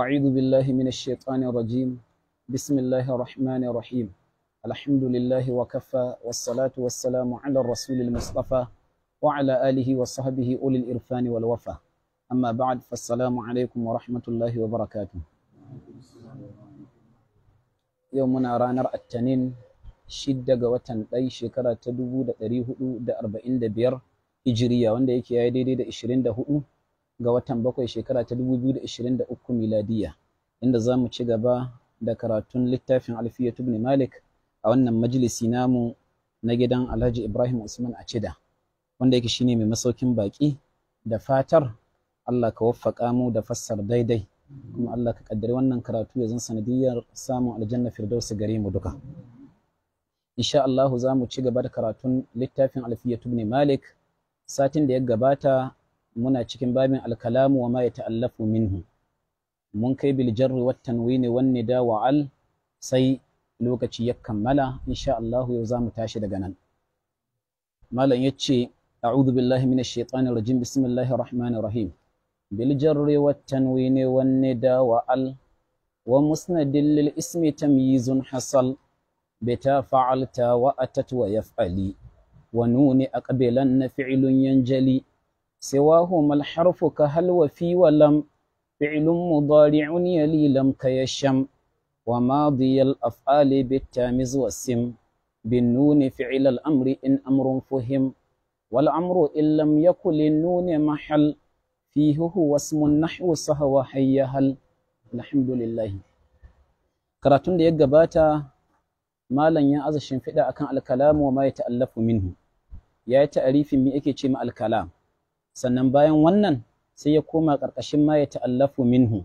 أعوذ بالله من الشيطان الرجيم بسم الله الرحمن الرحيم الحمد لله وكفى والصلاة والسلام على الرسول المصطفى وعلى آله وصحبه أولي الإرفان والوفا أما بعد فالسلام عليكم ورحمة الله وبركاته يومنا رانر التنين شدة وتن أي شكرة تدبو دا أريه دا أربعين دا بير إجرية وان دا يكي آيدي دا إشرين دا هؤو ga watan bakwai shekara ta dubu 2023 miladiya inda za mu ci gaba da karatun littafin alfiyatu ibn malik a wannan majalisi namu na gidan alhaji ibrahim usman a cida wanda yake shine mai masaukin baki da fatar allah ka waffaka mu da fassar daidai kuma allah ka kaddari wannan karatu ya zan sanadiyar samun aljanna firdaus gare mu duka insha Allah za mu ci gaba da karatun littafin alfiyatu ibn malik satin da ya gabata muna cikin babin alkalamu wa ma ya ta'allafu minhu mun kai bil jarri wat tanwini wan nida wa al sai lokaci ya kammala insha Allah yau zamu tashi daga nan malam yace a'udhu billahi minash shaitanir rajim bismillahir rahmanir rahim bil jarri wat tanwini wan nida wa al wa musnadin lil ismi tamyizun hasal bita fa'alta wa atat wa yaf'ali wa nuni aqbilan fi'lun yanjali سواهما الحرف كهل وفي ولم فعل مضارع يلي لم كيشم وماضي الأفعال بالتامز والسم بالنون فعل الأمر إن أمر فهم والأمر إن لم يكن للنون محل فيه هو اسم النحو صهو حي هل الحمد لله كراتون da ya ما لن ya الشنفئة أكان الكلام وما يتألف منه يأتى أريف minhu الكلام sannan bayan wannan sai ya koma ƙarƙashin ma ya ta'allafu minhu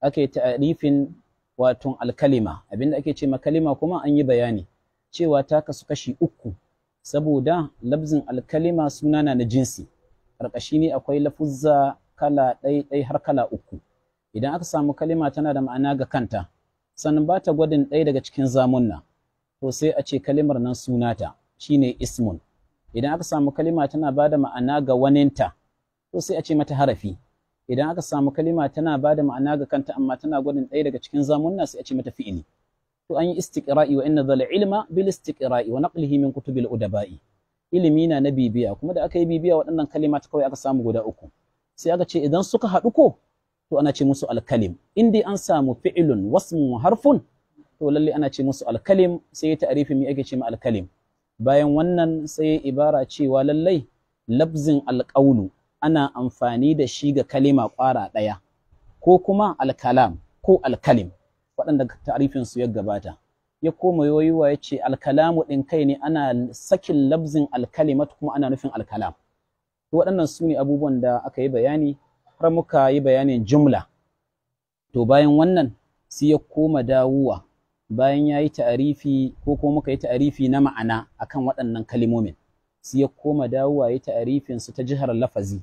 ake ta'arifin wato alkalima abinda ake ce kalima kuma an yi bayani cewa ta kasu kashi uku saboda labzin alkalima suna na na jinsi ƙarƙashi ne akwai lafuzza kala ɗai har kala uku idan aka samu kalima tana da ma'ana ga kanta sannan ba ta gwadin ɗaya daga cikin zamunna to sai a ce kalimar nan sunata shine ismun idan aka samu kalima tana ba da ma'ana ga waninta to sai a ce mata harafi idan aka samu kalima tana ba da ma'ana ga kanta amma tana gwadin ɗaya daga cikin zamunna sai a ce mata fi'ili to an yi istiqra'i wa inna dhala ilma bil istiqra'i wa naqlihi min kutubil udaba'i ilimi na na bibiya kuma da aka yi bibiya waɗannan kalima ta kawai aka samu guda uku sai aka ce idan suka haɗu ko to ana ce musu alkalim in dai an samu fi'ilun wasmun harfun to lalle ana ce musu alkalim sai ya ta'arifi me ake ce ma alkalim bayan wannan sai ibara cewa lallai labzin alƙaulu ana amfani da shi ga kalima ƙwara ɗaya ko kuma alkalam ko alkalim waɗanda tarifin su ya gabata ya koma yoyuwa ya ce alkalamu ɗin kai ne ana sakin labzin alkalimat kuma ana nufin alkalam to waɗannan su ne abubuwan da aka yi bayani har muka yi bayanin jumla to bayan wannan sai ya koma dawowa bayan ya yi ta'arifi ko kuma muka yi ta'arifi na ma'ana akan waɗannan kalimomin sai ya koma dawowa ya ta'arifin su ta jihar lafazi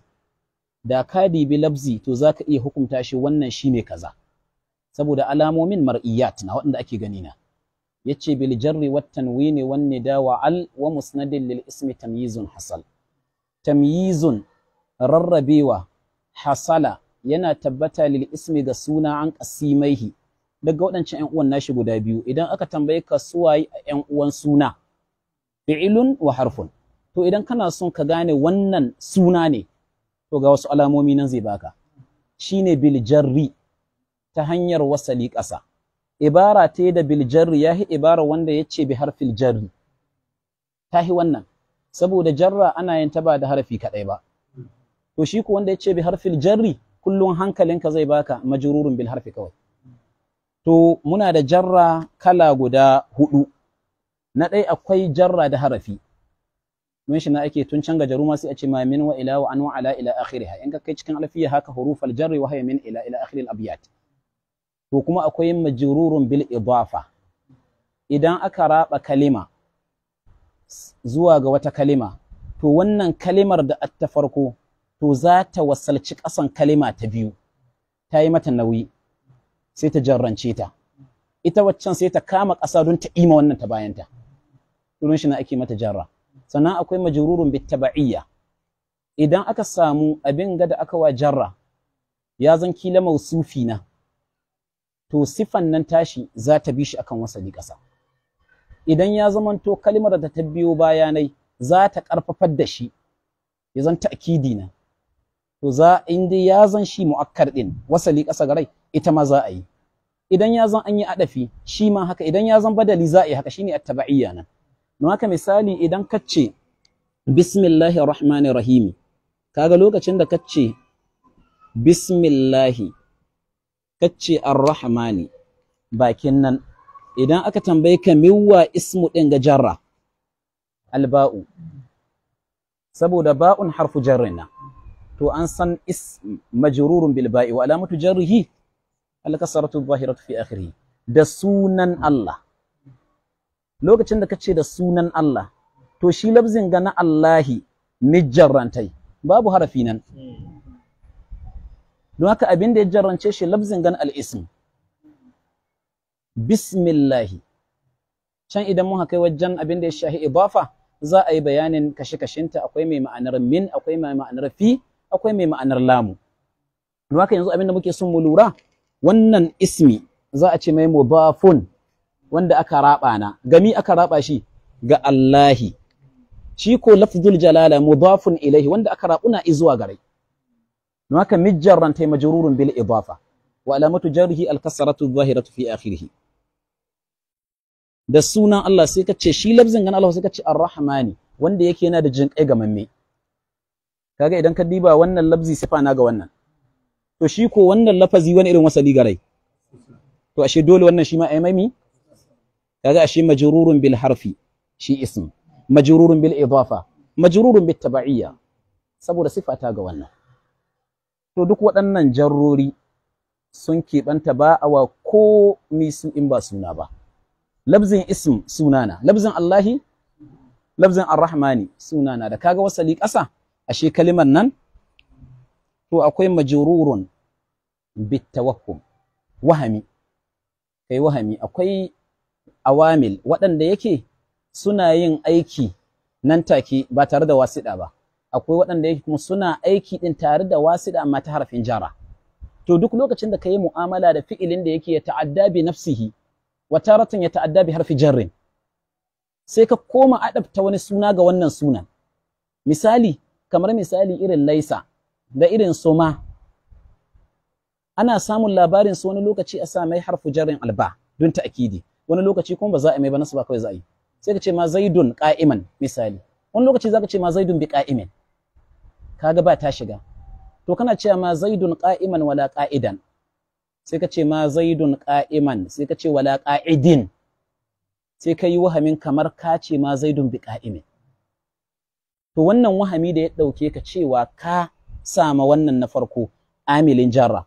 da ka dibi labzi to za ka iya hukunta shi wannan shi ne kaza saboda alamomin mar'iyat na waɗanda ake gani na yace bil jarri wat tanwini wan nida al wa musnadin lil ismi tamyizun hasal tamyizun rarrabewa hasala yana tabbata lil ismi ga suna an qasimaihi daga waɗancan ‘yan uwan nashi guda biyu idan aka tambaye ka suwaye ‘yan uwan suna fi'ilun wa harfun to idan kana son ka gane wannan suna ne to ga wasu alamomi nan zai baka shine biljarri ta hanyar wasali ƙasa ibara ta da biljarri ya hi ibara wanda ya ce bi harfil jarri ta hi wannan saboda jarra ana yin ta ba da harfi kaɗai ba to shi ko wanda ya ce bi harfil jarri kullum hankalinka zai baka majrurun bil harfi kawai to muna da jarra kala guda hudu na ɗaya akwai jarra da harafi mun shi na ake tun can jaruma ma sai a ce min wa ila wa an wa ala ila akhiriha in ka kai cikin alfiya haka hurufal jarri wa min ila ila akhiril abyat to kuma akwai majrurun bil idafa idan aka raba kalima zuwa ga wata kalima to wannan kalimar da ta farko to za ta wasalci ƙasan kalima ta biyu ta yi mata nauyi sai ta jarrance ta ita waccan sai ta kama ƙasa don ta ima wannan ta bayanta irin shi na ake mata jarra sannan akwai majrurun bittaba'iyya idan aka samu abin ga da aka wa jarra ya zan kila mausufi na to sifan nan tashi za ta bi shi akan wasali ƙasa idan ya zamanto kalmar da ta biyo bayanai za ta karfafar da shi ya zan ta'kidi na to za in dai ya zan shi mu'akkar din wasali ƙasa garai ita ma za a yi idan ya zan an yi adafi shi ma haka idan ya zan badali za a haka shi ne tabaiyya nan don haka misali idan ka ce "Bismillahi rahmanir rahim kaga lokacin da ka ce bismillahi ka ce ar-rahmani bakin nan idan aka tambaye ka miwa ismu din ga jarra alba'u saboda ba'un harfu jarrina to an san ism majrurun bil ba'i wa alamatu jarrihi alkasaratu zahiratu fi akhirih da sunan Allah lokacin da kace da sunan Allah to shi labzin ga na Allahi mijarrantai babu harafi nan don haka abin da ya jarrance shi labzin ga al-ism bismillahi can idan mun hakai wajen abin da ya shahi ibafa, za a yi bayanin kashe-kashinta akwai mai ma'anar min akwai mai ma'anar fi akwai mai ma'anar lamu don haka yanzu abin da muke son mu lura wannan ismi za a ce mai mubafun wanda aka raba na gami aka raba shi ga Allahi shi ko lafzul jalala mudafun ilaihi wanda aka rabuna izuwa gare don haka mijjarran tai majrurun bil idafa wa alamatu jarhi al kasratu zahiratu fi akhirih da sunan Allah sai ka ce shi lafzin gan Allah sai ka ce ar-rahmani wanda yake yana da jinkai ga mamme kaga idan ka diba wannan labzi sifa na ga wannan to shi ko wannan lafazi wani irin wasali garai to ashe dole wannan shi ma ai mami kaga ashe majrurun bil harfi shi ism majrurun bil idafa majrurun bit tabaiyya saboda sifata ga wannan to duk waɗannan jarrori sun keɓanta ba wa ko su in ba suna ba labzin ism sunana labzin allahi labzin arrahmani sunana da kaga wasali ƙasa ashe kalimar nan to akwai majrurun bittawakkum wahami kai wahami akwai awamil waɗanda yake suna yin aiki nan take ba tare da wasiɗa ba akwai waɗanda yake kuma suna aiki ɗin tare da wasiɗa amma ta harafin jara to duk lokacin da ka yi mu'amala da fi'ilin da yake ya ta'adda bi nafsihi wa taratan ya ta'adda bi harfi jarrin sai ka koma adabta wani suna ga wannan sunan misali kamar misali irin laisa da irin soma ana samun labarin su wani lokaci a sa mai harfu jarin alba don ta'kidi wani lokaci kuma ba za a mai ba nasu ba kawai za a yi sai ka ce ma zaidun qa'iman misali wani lokaci zaka ce ma zaidun bi qa'imin kaga ba ta shiga to kana cewa ma zaidun qa'iman wala qa'idan sai ka ce ma zaidun qa'iman sai ka ce wala qa'idin sai ka yi wahamin kamar ka ce ma zaidun bi qa'imin to wannan wahami da ya ɗauke ka cewa ka sama wannan na farko amilin jarra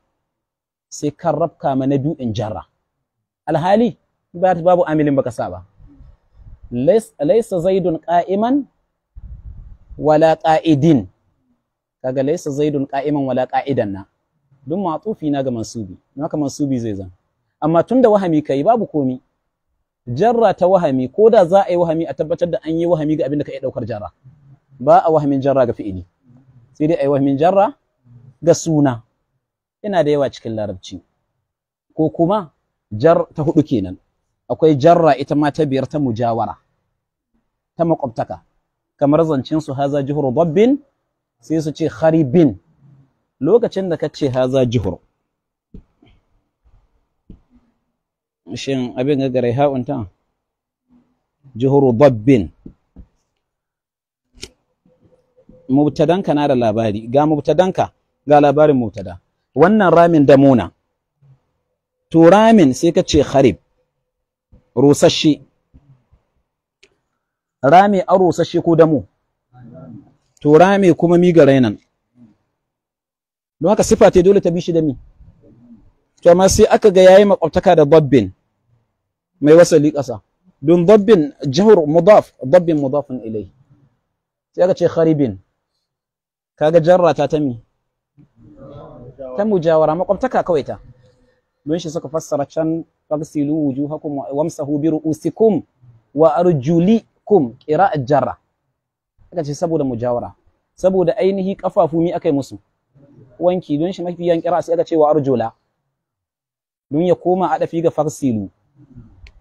sai kan rabka ma na biyu in jarra alhali ba babu amilin baka sa ba laisa zaidun ka'iman wala kaidin kaga laisa zaidun ka'iman wala qa'idan na duk matufi na ga mansubi na ka mansubi zai zan amma tun da wahami kai babu komi jarra ta wahami ko da za a yi wahami a tabbatar da an yi wahami ga abin da ka yi daukar jarra ba a wahamin jarra ga fi'ili sai dai a yi wahamin jarra ga suna yana da yawa cikin larabci ko kuma jar ta hudu kenan akwai jarra ita ma ta biyar ta mujawara ta makwabtaka kamar zancen su haza jihur dabbin sai su ce kharibin lokacin da ka ce haza jihur shin abin ga gare ha'unta jihuru dabbin mubtadanka na da labari ga mubtadanka ga labarin mubtada wannan ramin damuna to ramin sai ka ce harib, rusashe rami a rusashe ko damu to rami kuma mi ga rainan don haka sifa ta dole ta bi shi da mi to amma sai aka ga yayi makwabtaka da dabbin mai wasali ƙasa don dabbin jahur mudaf dabbin mudafin ilai sai aka ce haribin. kaga jarrata ta mi ta mujawara makwabtaka kawai ta don shi suka fassara can fagsilu wujuhakum wamsahu bi ru'usikum wa arjulikum qira'at jarra aka ce saboda mujawara saboda ainihi kafafu mi akai musu wanki don shi mafi yan qira'a sai aka ce wa arjula don ya koma a dafi ga fagsilu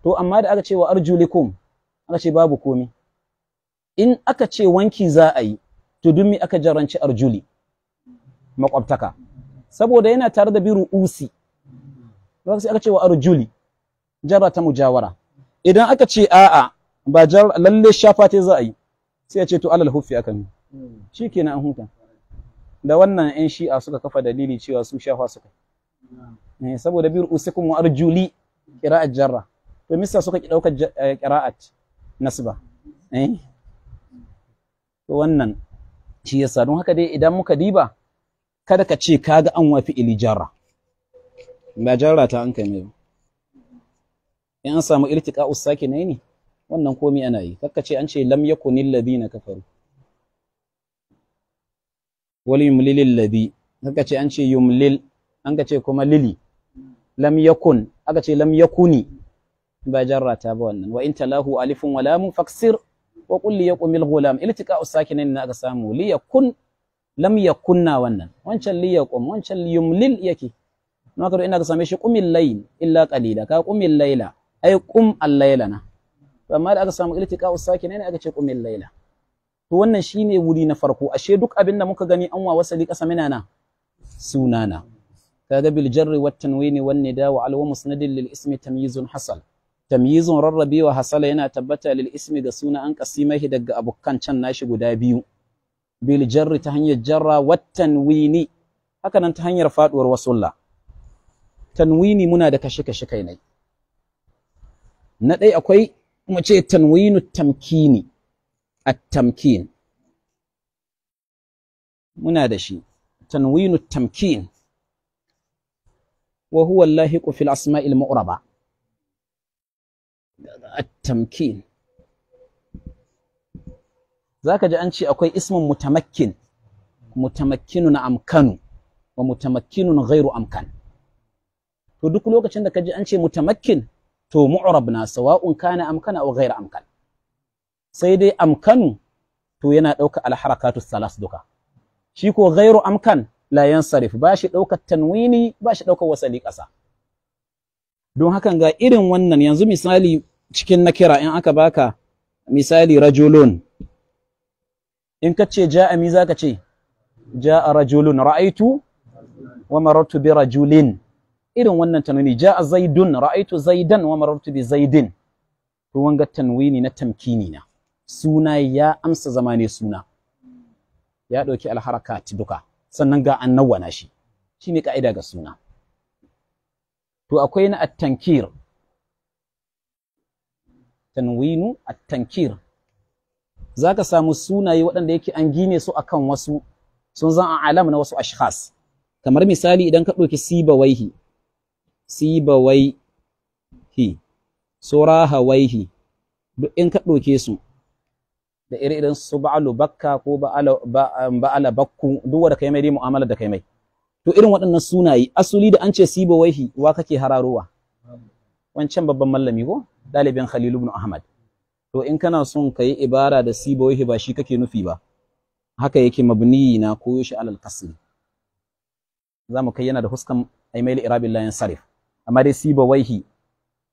to amma da aka ce wa arjulikum aka ce babu komi in aka ce wanki za a yi to dun mi aka jaranci arjuli makwabtaka saboda yana tare da biru usi sai aka ce wa arjuli jarra ta mujawara idan aka ce a'a ba jarra lalle shafa ta za a yi sai ya ce to alal huffi akan shikenan an huta da wannan yan shi'a suka kafa dalili cewa su shafa suka eh, saboda biru usikum wa arjuli qira'at jarra to misa suka ki daukar eh, qira'at nasba eh to wannan shi yasa don haka dai idan muka diba kada ka ce kaga an wa fi'ili jarra ba jarra ta an kai mai in an samu iltiqa usaki ne ne wannan komai ana yi kakka ce an ce lam yakunil ladina kafaru wal yumlilil ladhi kakka ce an ce yumlil an ka ce kuma lili lam yakun aka ce lam yakuni ba jarra ta ba wannan wa in talahu alifun wa lamun faksir wa qul li yaqumil ghulam iltiqa usakinin na aka samu li yakun lam kunna wannan wancan li yaqum wancan yumlil yake na ka ina ka same shi qumil layl illa qalila ka qumil layla ai qum al na amma da aka samu iltiqa'u sakin ne aka ce qumil layla to wannan shine wuri na farko ashe duk abin da muka gani an wa wasali kasa mina na sunana kaga bil jarri wat tanwini wan nida wa al musnadin lil ismi tamyizun hasal tamyizun rarrabi wa hasala yana tabbata lil ismi ga suna an qasimahi daga abukan can nashi guda biyu bil jarri ta hanyar jarra wat tanwini haka nan ta hanyar faduwar wasulla tanwini muna da kashe kashe kainai na ɗai akwai mu ce tanwinu tamkini at-tamkin muna da shi tanwinu tamkin wa huwa allahiqu fil asma'il ma'uraba. at-tamkin zaka ji an ce akwai ismin mutamakkin na amkanu wa na ghairu amkan to duk lokacin da ka ji an ce mutamakkin to mu'rab na sawa'un kana amkana aw ghairu amkan sai dai amkanu to yana ɗauka alharakatu salas duka shi ko ghairu amkan layan sarif, ba shi ɗaukar tanwini ba shi ɗaukar wasali ƙasa don hakan ga irin wannan yanzu misali cikin nakira in aka baka misali rajulun in ka ce ja a mi ka ce a rajulun ra'aitu wa marartu bi rajulin irin wannan tanwini a zaidun ra'aitu zaidan wa marartu bi zaidin to wanga tanwini na tamkini na suna ya amsa zama ne suna ya ɗauki alharakat duka sannan ga an annawana shi shine ka'ida ga suna to akwai na at-tankir tanwinu at-tankir za ka samu sunaye waɗanda yake an gine su akan wasu sun zan an alam na wasu ashkhas kamar misali idan ka ɗauki sibawaihi sibawaihi surahawaihi duk in ka ɗauke su da iri idan su ba'alu bakka ko ba'ala bakku duk wanda kai mai mu'amala da kai mai to irin waɗannan sunaye asuli da an ce sibawaihi wa kake hararowa wancan babban mallami ko ɗalibin Khalilubnu ibn Ahmad to in kana son ka yi ibara da sibawihi ba shi kake nufi ba haka yake mabniyi na koyo shi alal kasri za mu kai yana da huskan aimail irabin layan sarif amma dai sibawaihi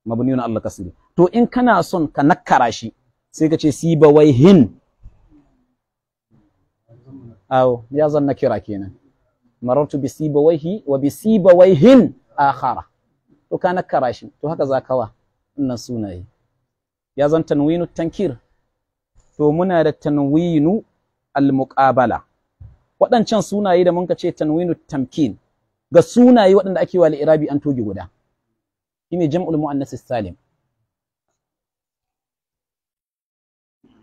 mabni na Allah kasri to in kana son ka nakkara shi sai ka ce sibawaihin Awo ya zan nakira kenan marartu bi sibawaihi wa bi sibawaihin akhara to ka nakara shi to haka zakawa wannan sunaye ya zan tanwinu tankir to muna da tanwinu almuqabala waɗancan sunaye da muka ce tanwinu tamkin ga sunaye waɗanda ake wa al-irabi an toge guda shine jam'ul muannas salim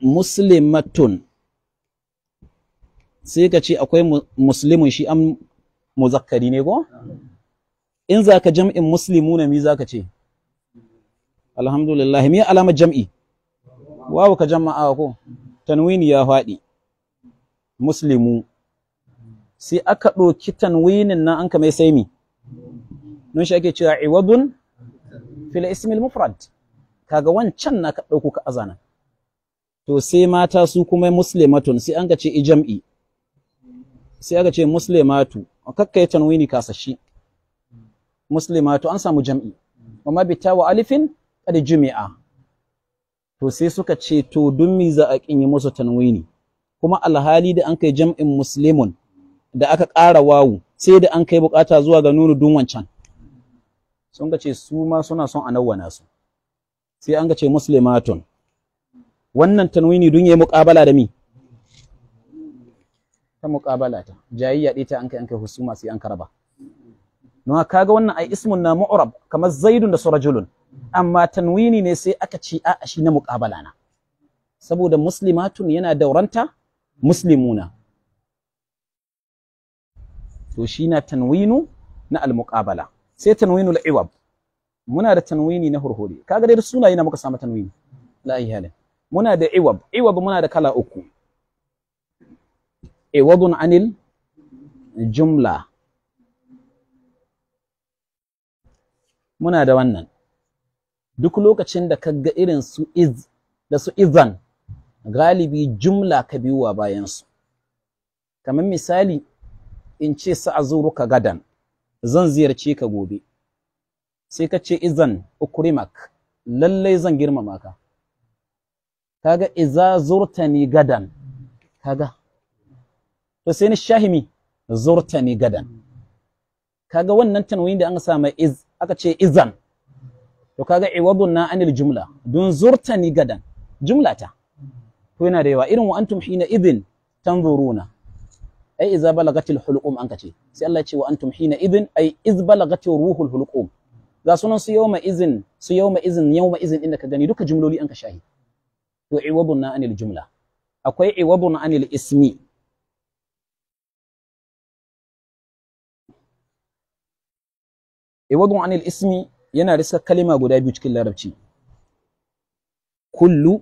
muslimatun sai ka ce akwai muslimun shi an muzakkari ne ko in zaka jam'in muslimuna mi zaka ce alhamdulillah me alamar jam'i wawu ka jama'a ko tanwini ya faɗi muslimu sai aka ɗauki tanwinin nan an ka mai sai mi nun shi ake cewa iwadun fil ismil mufrad kaga wancan na ka ɗauko ka azana to sai mata su kuma muslimatun sai an ka ce ijam'i sai aka ce muslimatu kakkai tanwini kasashi muslimatu an samu jam'i amma wa alifin qad jumi'a to sai suka ce to dun mi za a kin yi musu tanwini kuma alhali da an kai jam'in muslimun da aka ƙara wawu sai da an kai bukata zuwa ga nunu dun wancan sun ga ce su ma suna son a nawwana su sai an ga ce muslimatun wannan tanwini dun yayi muqabala da mi ta muqabala ta jayayya ɗaya ta an kai an kai husuma sai an karba don kaga wannan ai ismun na mu'rab kamar zaidun da surajulun amma tanwini ne sai aka ce a'a shi na muqabala na saboda muslimatun yana dauranta muslimuna to shi na tanwinu na almuqabala sai tanwinu al-iwab muna da tanwini na hurhuri kaga dai sunaye na muka samu tanwini la ihala muna da iwab iwab muna da kala uku iwadun anil jumla muna da wannan duk lokacin da ka ga irin su iz da su izan galibi jumla ka biyu biyuwa bayansu kamar misali in ce ka gadan zan ziyarce ka gobe sai ka ce izan ukrimak lallai zan girmama ka kaga iza zurtani gadan kaga to sai ni shahimi zurtani gadan kaga wannan tanwini da an sa mai iz aka ce izan to kaga iwadun na anil jumla dun zurtani gadan jumla ta to yana da yawa irin wa antum hina idin tanzuruna ai iza balagatil hulqum an kace sai Allah ya ce wa antum hina idin ai iz balagatil ruhul hulqum ga sunan su yawma izin su yawma izin yawma izin inda ka gani duka jumloli an ka shahi to iwadun na anil jumla akwai iwadun anil ismi iwadun anil ismi yana riska kalima guda biyu cikin larabci kullu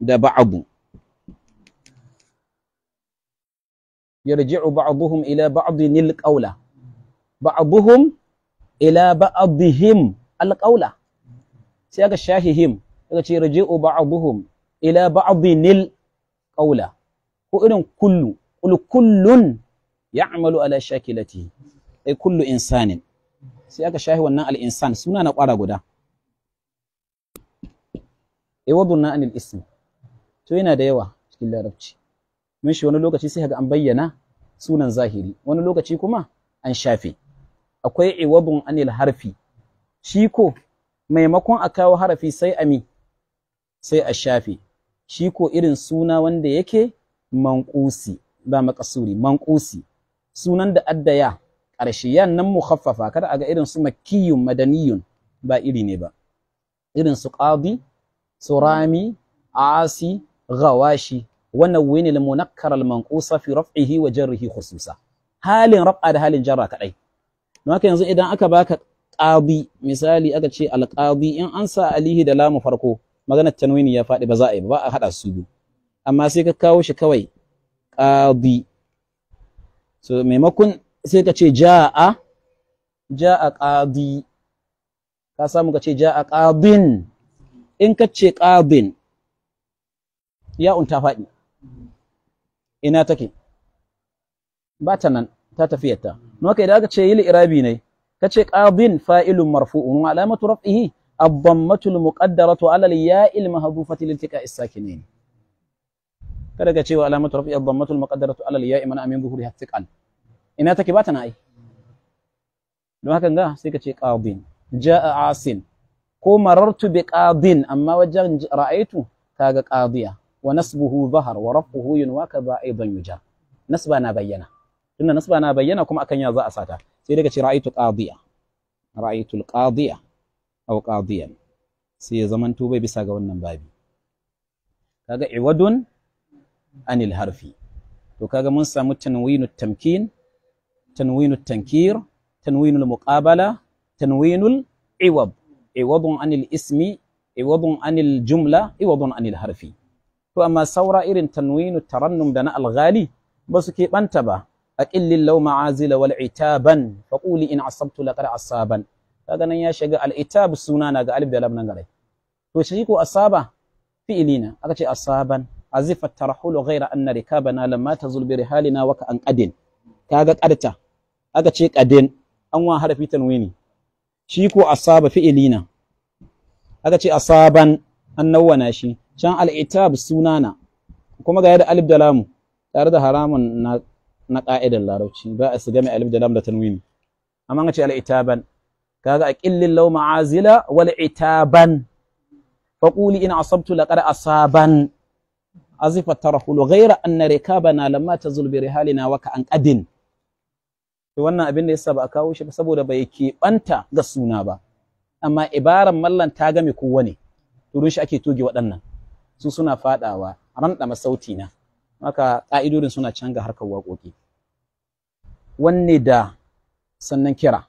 da ba'adu yarji'u ba'duhum ila nil alqawla ba'duhum ila ba'dihim alqawla sai aka shahihim aka ce yarji'u ba'duhum ila nil alqawla ko irin kullu kul kullun ya'malu ala shakilatihi ay kullu insanin sai aka shahi wannan alinsan suna na ƙwara guda iwadun e, na anil ism to yana da yawa cikin larabci mun shi wani lokaci sai ga an bayyana sunan zahiri wani lokaci kuma an shafe akwai iwadun e, anil harfi shi ko maimakon a kawo harafi sai ami sai a shafe shi ko irin suna wanda yake Manƙusi. ba makasuri Manƙusi. sunan da addaya ƙarshe yan nan mukhaffafa kada a ga irin su makkiyun madaniyun ba iri ne ba irin su qadi surami, asi gawashi wannan wani al munakkar al manqusa fi raf'ihi wa jarrihi khususa halin raf'a da halin jarra kadai don haka yanzu idan aka baka qadi misali aka ce al qadi in an sa alihi da lamu farko maganar tanwini ya faɗi ba za a yi ba a haɗa su biyu amma sai ka kawo shi kawai qadi so maimakon sai ka ce ja'a ja'a qadi ka samu ka ce ja'a qadin in ka ce qadin ya unta faɗi ina take ba ta nan ta tafiyarta no kai da aka ce yi irabi ne ka ce qadin fa'ilun marfu'un alamatu raf'ihi الضمة المقدرة على الياء المهضوفة لالتقاء الساكنين kada ka cewa alamatu rafi ad-dammatu al-muqaddaratu ala al-ya'i amin zuhuriha thiqal ina take ba ta na ai don hakan ga sai ka ce qadin jaa asin ko marartu bi qadin amma wajen ra'aitu kaga qadiya wa nasbuhu zahar wa rafuhu yunwa kaza aidan yujar nasba na bayyana tunda nasba na bayyana kuma akan ya za a sata sai daga ce ra'aitu qadiya ra'aitu alqadiya aw qadiyan sai ya zaman bai bisa ga wannan babi kaga iwadun anil harfi to kaga mun samu tanwinut tamkin تنوين التنكير تنوين المقابلة تنوين العوض عوض عن الاسم عوض عن الجملة عوض عن الحرف فأما سورة إرن تنوين الترنم دناء الغالي بس كي انتبه أقل اللوم عازل والعتابا فقولي إن عصبت لك عصابا هذا يا شجع العتاب السنانة قالب دلاب نغري وشيكو أصابا في إلينا أكتش أصابا أزف الترحول غير أن ركابنا لما تزل برحالنا وكأن أدن كاغت أرتا aka ce qadin an wa harfi tanwini shi ko asaba fi'ilina aka ce asaban an nawwana shi can al'itab sunana kuma ga yadda alif da lamu tare da haramun na na larabci ba a gama alif da lamu da tanwini amma an ce al'itaban kaga aqillil law ma'azila wal itaban faquli in asabtu laqad asaban azifa tarahul ghayra anna rikabana lamma tazul bi rihalina wa ka an qadin to wannan abin da yasa ba a kawo shi ba saboda bai keɓanta ga suna ba amma ibaran mallan ta game kowa ne turun shi ake toge waɗannan su suna faɗawa ranɗa masauti na haka ƙa'idodin suna canza harkar waƙoƙi wanne da sannan kira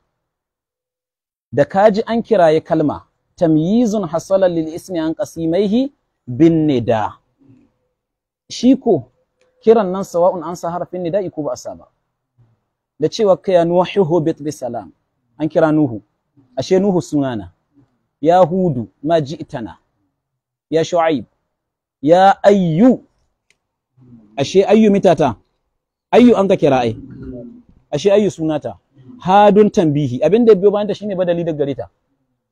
da kaji an kiraye kalma tamyizun hasala lil ismi an qasimaihi bin nida shi ko kiran nan sawa'un an sa harfin nida'i ko ba a sa ba da cewa ka ya nuhu bit bisalam an kira nuhu ashe nuhu sunana ya hudu ma itana ya shu'aib ya ayyu ashe ayyu mitata ayyu an ka kira ai ashe ayyu sunata hadun tambihi abin da biyo bayan ta shine badali da garita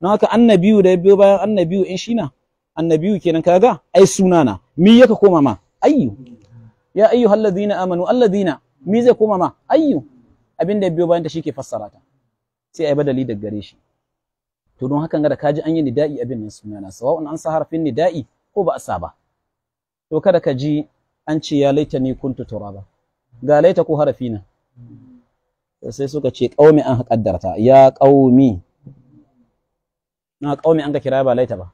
don haka annabiyu da biyo bayan annabiyu in shina annabiyu kenan kaga ai sunana mi yaka koma ma ayyu ya ayyuhal ladina amanu alladina mi zai koma ma ayyu abin da biyo bayan ta ke fassara ta sai ai badali daga gare shi to don hakan ga ka kaji an yi nida'i abin nan sunana sawa an sa harfin nida'i ko ba a sa ba to kada ka ji an ce ya laita ni kuntu turaba ga laita ko harafi na sai suka ce qaumi an ta, ya qaumi na qaumi an ka kira ba laita ba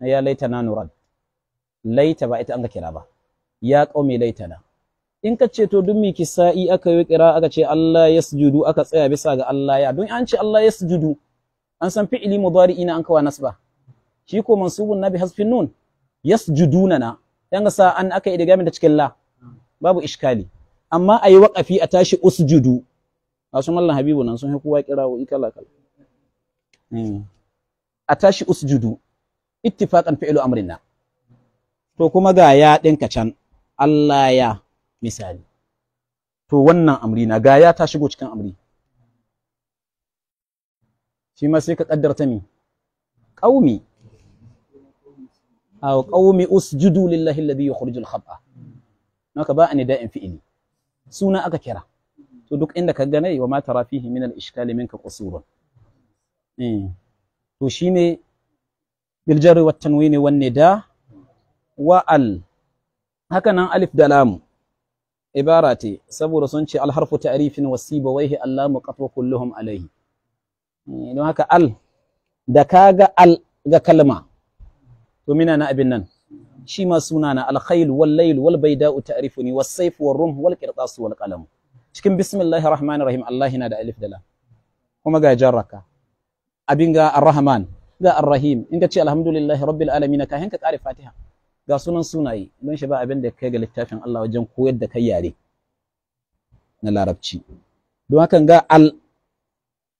ya laita na nurad laita ba ita an ka kira ba ya qaumi laita na in ka ce to duk mai kisa'i aka yi kira aka ce Allah ya sujudu aka tsaya bisa ga Allah ya don an ce Allah ya sujudu an san fi'ili mudari ina an kawa nasba shi ko mansubun nabi hasfin nun yasjuduna na dan sa an aka min da cikin la babu iskali amma ayi waqafi a tashi usjudu masu mallan habibu nan sun kowa wa ikala kala hmm. a tashi usjudu ittifaqan fi'lu amrina to kuma ga ya dinka can Allah ya misali to wannan amri na ga ya ta shigo cikin amri shi ma sai ka kaddarta mi qaumi aw qaumi usjudu lillahi alladhi yukhrijul khab'a naka ba an da'in suna aka kira to duk inda ka gane wa ma tara fihi min al-ishkali minka eh to shine bil jarri wat tanwini wan nida wa al haka nan alif da lamu ibara ce saboda sun ce alharfu ta'rifin wasiba waihi allamu muqatu kulluhum alaihi eh, don haka al da kaga al ga kalma to mina na abin nan shi ma suna na alkhailu wal layl wal bayda'u ta'rifuni was sayf wal rumh wal qirtas wal qalam cikin bismillahi rahmanir rahim Allah yana da alif da lam kuma ga jarraka abin ga ar ga ar in ka ce alhamdulillahi rabbil alamin ka hanka kare fatiha ga sunan sunaye don shi ba abin da kai ga littafin Allah wajen koyar da kai yare na larabci don hakan ga al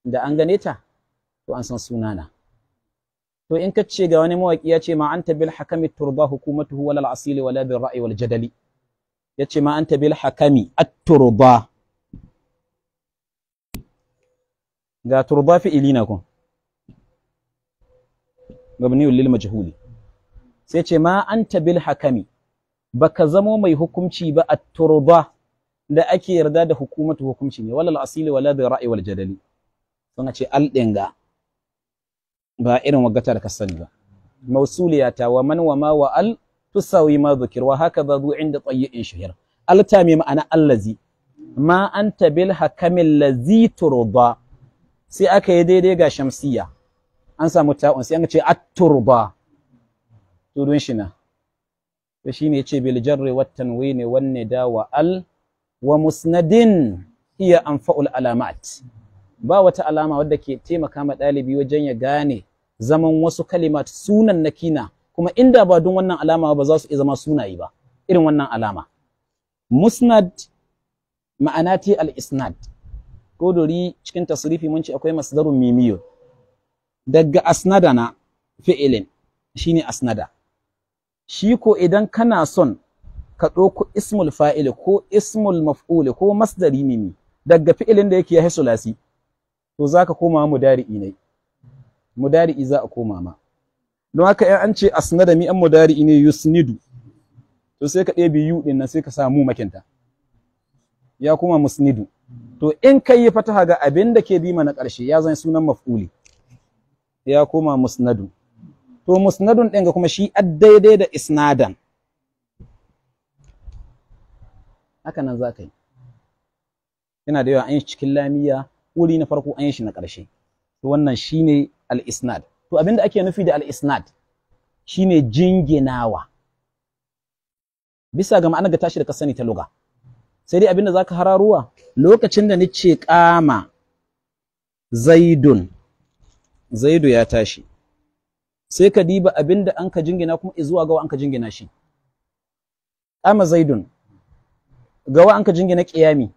da an gane ta to an san sunana to in ka ce ga wani mawaki ya ce ma anta bil hakami turba hukumatuhu wala al asili wala bil ra'i wal jadali ya ce ma anta bil hakami at turba ga turba fi ilina kun mabniyun lil majhuli sai ce ma an bil hakami baka zamo mai hukunci ba at turba da ake yarda da hukumatu hukunci ne wala asili wala da ra'i wal jadali sun ce al ba irin wagata da ka sani ba mausuliyata wa man wa ma wa al tusawi ma dhukir wa ba zu inda tayyin shahir al mai ma'ana allazi ma anta bil hakamil lazi turba sai aka yi daidai ga shamsiya an samu ta'un sai an ce at turba tudun shi na to shine yace bil jarri wat tanwini wan nida wa al wa musnadin hiya anfa'ul alamat ba wata alama wadda ke taimaka ma ɗalibi wajen ya gane zaman wasu kalimat sunan na kina kuma inda ba don wannan alama ba za su iya zama sunaye ba irin wannan alama musnad ma'ana ti al-isnad ko dori cikin tasrifi mun ce akwai masdarun mimiyo daga asnadana fi'ilin shine asnada shi ko idan kana son ka ɗauko ismul fa'il ko ismul maf'ul ko masdari mimi daga fi'ilin da yake ya sulasi to za ka koma mudari'i ne mudari'i za a koma ma don haka yan an ce asnada mi an mudari'i ne yusnidu to sai ka ɗebi yu ɗin nan sai ka samu makinta ya koma musnidu to in ka yi fataha ga abin da ke bi mana ƙarshe ya zan sunan maf'uli ya koma musnadu to musnadun ɗin ga kuma shi daidai da isnadan haka nan za ka yi yana da yawa an yi cikin lamiya wuri na farko an yi shi na ƙarshe to wannan shi al-isnad to abinda ake nufi da al-isnad shine jinginawa bisa ga ma'anar ga tashi da ka sani ta luga sai dai abinda za ka hararuwa lokacin da ni nace kama zaidun zaidu ya tashi sai ka diba abin da an ka jingina kuma izuwa gawa an ka jingina shi kama zaidun gawa an ka jingina ƙiyami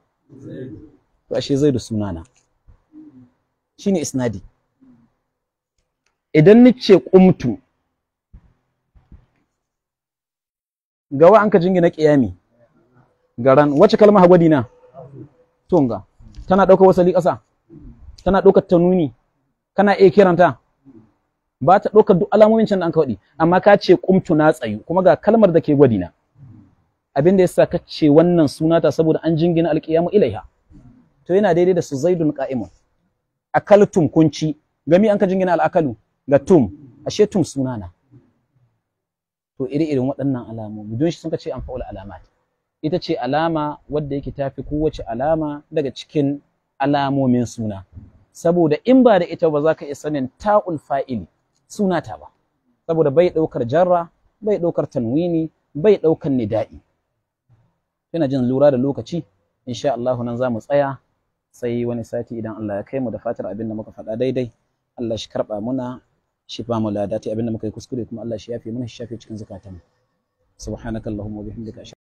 to ashe zaidu sunana shine isnadi idan ni ce ƙumtu gawa an ka jingina ƙiyami garan wacce kalma ha na tunga tana ɗaukar wasali ƙasa tana ɗaukar tanuni kana iya kiranta ba ta ɗaukar duk alamomin can da an faɗi amma ka ce kumtu na tsayu kuma ga kalmar da ke gwadina abin da yasa ka ce wannan sunata saboda an jingina alqiyamu ilaiha to yana daidai da su zaidun qa'imun akaltum kunci gami an ka jingina al'akalu ga tum ashe tum sunana to iri irin waɗannan alamomi don shi sun ka ce an fa'ul alamat ita ce alama wadda yake tafi kowace alama daga cikin alamomin suna saboda in ba da ita ba za ka iya sanin ta'ul fa'ili sunata ba saboda bai ɗaukar jarra bai ɗaukar tanwini bai ɗaukar nida'i ina jin lura da lokaci insha Allah nan za mu tsaya sai wani sati idan Allah ya kai mu da fatar abin da muka faɗa daidai Allah shi karɓa muna shi ba mu ladati abin da muka yi kuskure kuma Allah shi yafe mana shi shafe cikin zakatan subhanakallahumma wa bihamdika